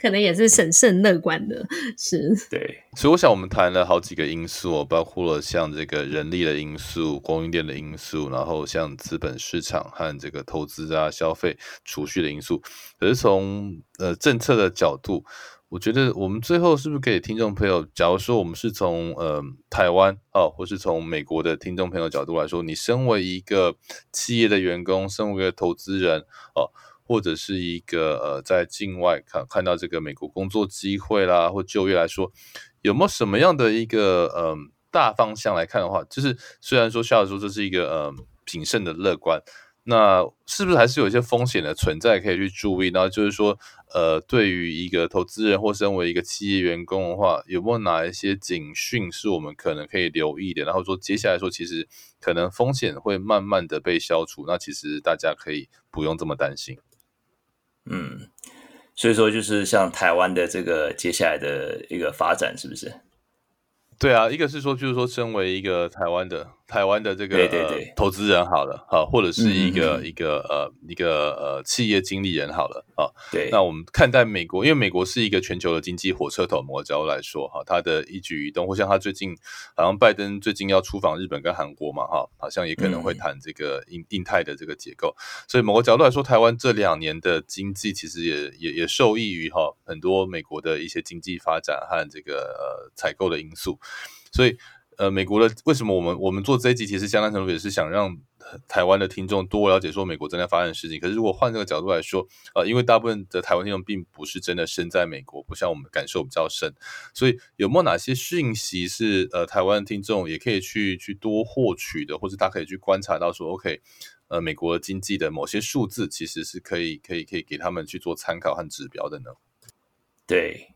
可能也是審慎樂觀的。是。對，所以我想我們談了好幾個因素，包括了像這個人力的因素、供應鏈的因素，然後像資本市場和這個投資啊、消費儲蓄的因素，可是從呃政策的角度。我覺得我們最後是不是給聽眾朋友，假如說我們是從呃台灣啊，或是從美國的聽眾朋友角度來說，你身為一個企業的員工，身為一個投資人哦、啊，或者是一個呃在境外看看到這個美國工作機會啦或就業來說，有沒有什麼樣的一個嗯、呃、大方向來看的話，就是雖然說廖老師說這是一個嗯謹、呃、慎的樂觀，那是不是還是有一些風險的存在可以去注意？然後就是說。呃，對於一個投資人或身為一個企業員工的話，有沒有哪一些警訊是我們可能可以留意的？然後說接下來說，其實可能風險會慢慢的被消除，那其實大家可以不用這麼擔心。嗯，所以說就是像台灣的這個接下來的一個發展，是不是？對啊，一個是說，就是說身為一個台灣的。台灣的這個對對對投資人好了哈，或者是一個、嗯、哼哼一個呃一個呃企業經理人好了啊。哦、對那我們看待美國，因為美國是一個全球的經濟火車頭，某個角度來說哈，他的一舉一動，或像他最近好像拜登最近要出訪日本跟韓國嘛哈，好像也可能會談這個印印太的這個結構。嗯、所以某個角度來說，台灣這兩年的經濟其實也也也受益於哈很多美國的一些經濟發展和這個呃採購的因素，所以。呃，美國的，為什麼我們我們做這一集，其實相當程度也是想讓台灣的聽眾多了解說美國正在發生的事情。可是如果換這個角度來說，呃，因為大部分的台灣聽眾並不是真的身在美國，不像我們感受比較深，所以有沒有哪些訊息是呃台灣的聽眾也可以去去多獲取的，或者他可以去觀察到說，OK，呃，美國經濟的某些數字其實是可以可以可以給他們去做參考和指標的呢？對。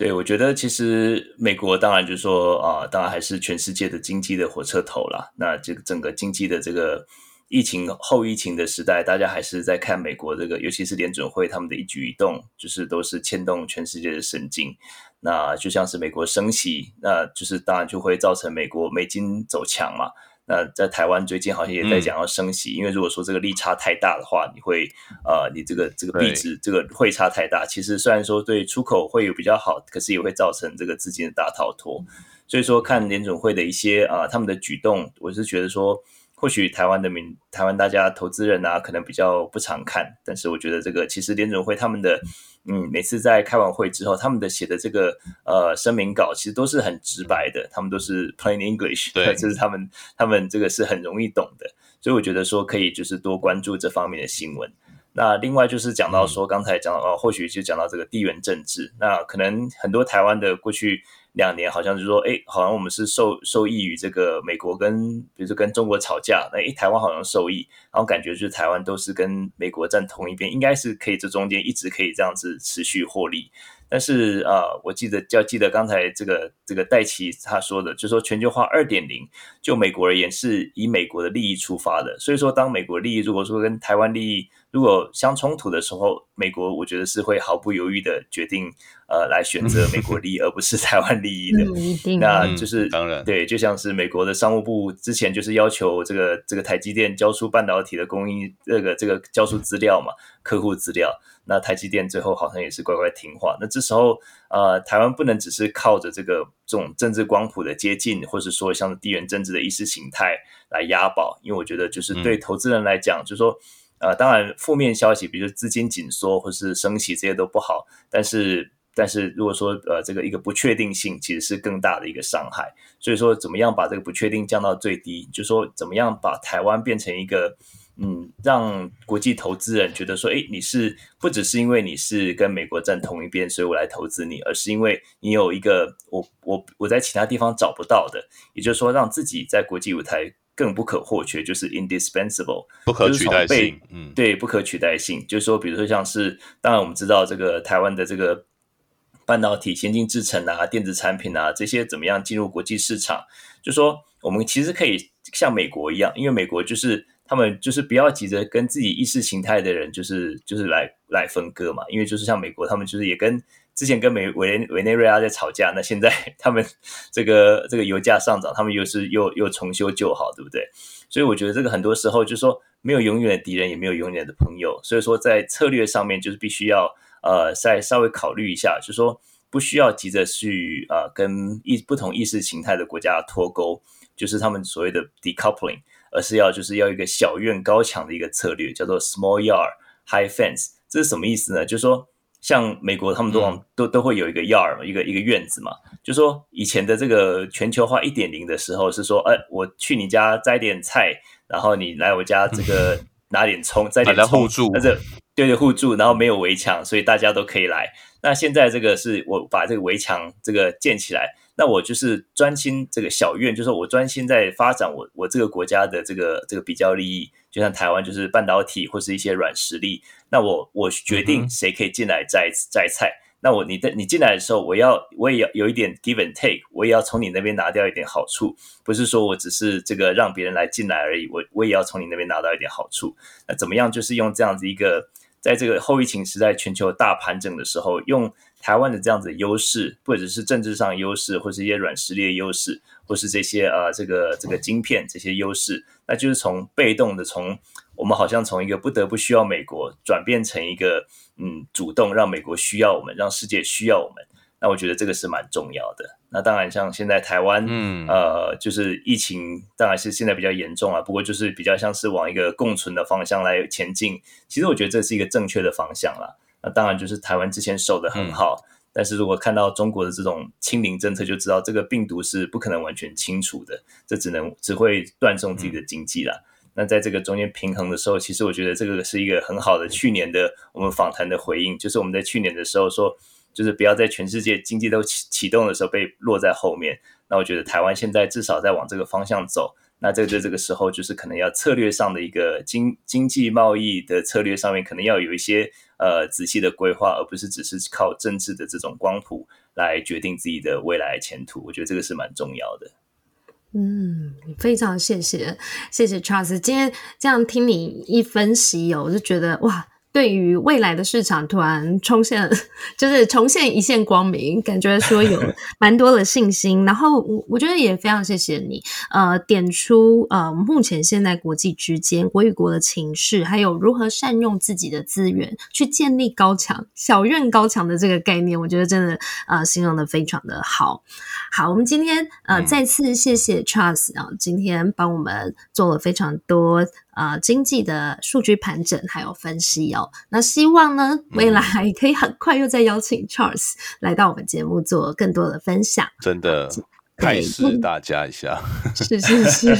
對，我覺得其實美國當然就是說啊、呃，當然還是全世界的經濟的火車頭啦。那這個整個經濟的這個疫情後疫情的時代，大家還是在看美國這個，尤其是聯準會他們的一舉一動，就是都是牽動全世界的神經。那就像是美國升息，那就是當然就會造成美國美金走強嘛。呃，在台灣最近好像也在講要升息，嗯、因為如果說這個利差太大的話，你會啊、呃，你這個這個幣值對這個匯差太大。其實雖然說對出口會有比較好，可是也會造成這個資金的大逃脫。所以說看聯準會的一些啊、呃、他們的舉動，我是覺得說，或許台灣的民台灣大家投資人啊可能比較不常看，但是我覺得這個其實聯準會他們的。嗯嗯，每次在開完會之後，他們的寫的這個呃聲明稿其實都是很直白的，他們都是 plain English，對，這對是他們他們這個是很容易懂的，所以我覺得說可以就是多關注這方面的新聞。那另外就是講到說，嗯、剛才講到哦，或許就講到這個地緣政治，那可能很多台灣的過去。兩年好像就是說，哎，好像我們是受受益於這個美國跟，比如說跟中國吵架，那哎，台灣好像受益，然後感覺就是台灣都是跟美國站同一邊，應該是可以這中間一直可以這樣子持續獲利。但是啊、呃，我記得叫記得剛才這個這個戴琪她說的，就說全球化二點零，就美國而言是以美國的利益出發的，所以說當美國利益如果說跟台灣利益。如果相衝突的時候，美國我覺得是會毫不猶豫的決定，呃，來選擇美國利益而不是台灣利益的。 那就是、嗯、當然對，就像是美國的商務部之前就是要求這個這個台積電交出半導體的供應，這個這個交出資料嘛，客戶資料。那台積電最後好像也是乖乖聽話。那這時候，呃，台灣不能只是靠着這個這種政治光譜的接近，或者說像是地緣政治的意識形態來押寶，因為我覺得就是對投資人來講，就是說。呃，當然，負面消息，比如資金緊縮或是升息，這些都不好。但是，但是如果說呃，這個一個不確定性其實是更大的一個傷害。所以說，怎麼樣把這個不確定降到最低？就是說怎麼樣把台灣變成一個，嗯，讓國際投資人覺得說，哎，你是不只是因為你是跟美國站同一邊，所以我來投資你，而是因為你有一個我我我在其他地方找不到的，也就是說，讓自己在國際舞台更不可或缺，就是 indispensable，不可取代性。嗯、對不可取代性，就是說，比如說像是當然我們知道這個台灣的這個半導體先進製程啊、電子產品啊這些怎麼樣進入國際市場？就說我們其實可以像美國一樣，因為美國就是他們就是不要急着跟自己意識形態的人就是就是來來分割嘛，因為就是像美國他們就是也跟。之前跟委內委內瑞拉在吵架，那現在他們這個這個油價上漲，他們又是又又重修舊好，對不對？所以我覺得這個很多時候就是說，沒有永遠的敵人，也沒有永遠的朋友。所以說，在策略上面就是必須要呃，再稍微考慮一下，就是說不需要急着去啊、呃，跟意不同意識形態的國家脫鈎，就是他們所謂的 decoupling，而是要就是要一個小院高牆的一個策略，叫做 small yard high fence。這是什麼意思呢？就是說。像美國，他們都往、嗯、都都會有一個 yard 嘛，一個一個院子嘛。就說以前的這個全球化一點零的時候，是說，哎、呃，我去你家摘點菜，然後你來我家這個拿點蔥，嗯、摘點蔥，但是對對互助，然後沒有圍牆，所以大家都可以來。那現在這個是我把這個圍牆這個建起來，那我就是專心這個小院，就是我專心在發展我我這個國家的這個這個比較利益。就像台灣就是半導體或是一些軟實力，那我我決定誰可以進來摘，嗯、哼摘菜，那我你的你進來的時候我，我要我也要有一點 give and take，我也要從你那邊拿掉一點好處，不是說我只是這個讓別人來進來而已，我我也要從你那邊拿到一點好處，那怎麼樣就是用這樣子一個。在這個後疫情時代、全球大盤整的時候，用台灣的這樣子的優勢，或者是政治上優勢，或是一些軟實力的優勢，或是這些啊、呃，這個這個晶片這些優勢，那就是從被動的從，從我們好像從一個不得不需要美國，轉變成一個嗯，主動讓美國需要我們，讓世界需要我們。那我覺得這個是蠻重要的。那當然，像現在台灣，嗯，呃，就是疫情當然是現在比較嚴重啊。不過就是比較像是往一個共存的方向來前進。其實我覺得這是一個正確的方向啦。那當然就是台灣之前守得很好，嗯，但是如果看到中國的這種清零政策，就知道這個病毒是不可能完全清除的。這只能只會斷送自己的經濟啦。嗯、那在這個中間平衡的時候，其實我覺得這個是一個很好的去年的我們訪談的回應，就是我們在去年的時候說。就是不要在全世界經濟都啟啟動的時候被落在後面。那我覺得台灣現在至少在往這個方向走。那在這這個時候，就是可能要策略上的一個經經濟貿易的策略上面，可能要有一些呃仔細的規劃，而不是只是靠政治的這種光譜來決定自己的未來前途。我覺得這個是蠻重要的。嗯，非常謝謝，謝謝 Charles。今天這樣聽你一分析哦，我就覺得哇。對於未來的市場突然重現，就是重現一線光明，感覺說有蠻多的信心。 然後我我覺得也非常謝謝你，呃，點出呃目前現在國際之間國與國的情勢，還有如何善用自己的資源去建立高牆小院高牆的這個概念，我覺得真的呃形容的非常的好。好，我們今天呃、嗯、再次謝謝 Charles 啊，今天幫我們做了非常多。啊、呃，經濟的數據盤整還有分析哦。那希望呢，未來可以很快又再邀請 Charles 來到我們節目做更多的分享。真的。提示對大家一下，是是是，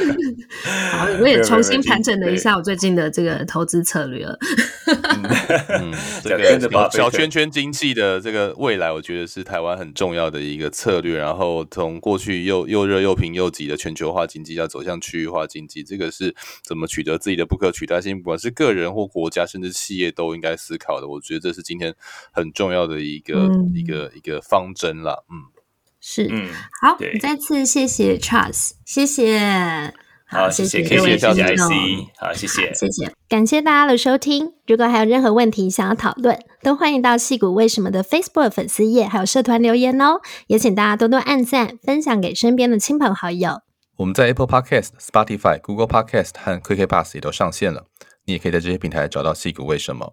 好，我也重新盤整了一下我最近的這個投資策略了、 嗯。嗯，這個小圈圈經濟的這個未來，我覺得是台灣很重要的一個策略。然後從過去又又熱又平又擠的全球化經濟，要走向區域化經濟，這個是怎麼取得自己的不可取代性，不管是個人或國家，甚至企業都應該思考的。我覺得這是今天很重要的一個、嗯、一個一個方針了。嗯。是，嗯，好，對再次謝謝 Charles，謝謝，好，謝謝 KT 小姐，好，謝謝，謝謝，感謝大家的收聽。如果還有任何問題想要討論，都歡迎到矽谷為什麼的 Facebook 粉絲頁還有社團留言哦。也請大家多多按讚，分享給身邊的親朋好友。我們在 Apple Podcast、Spotify、Google Podcast 和 KKBOX 也都上線了，你也可以在這些平台找到矽谷為什麼。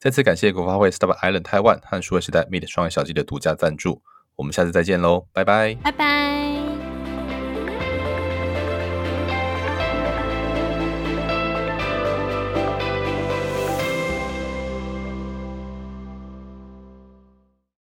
再次感謝國發會 Startup Island TAIWAN 和數位時代 Meet 創業小聚的獨家贊助。我們下次再見嘍，拜拜，拜拜。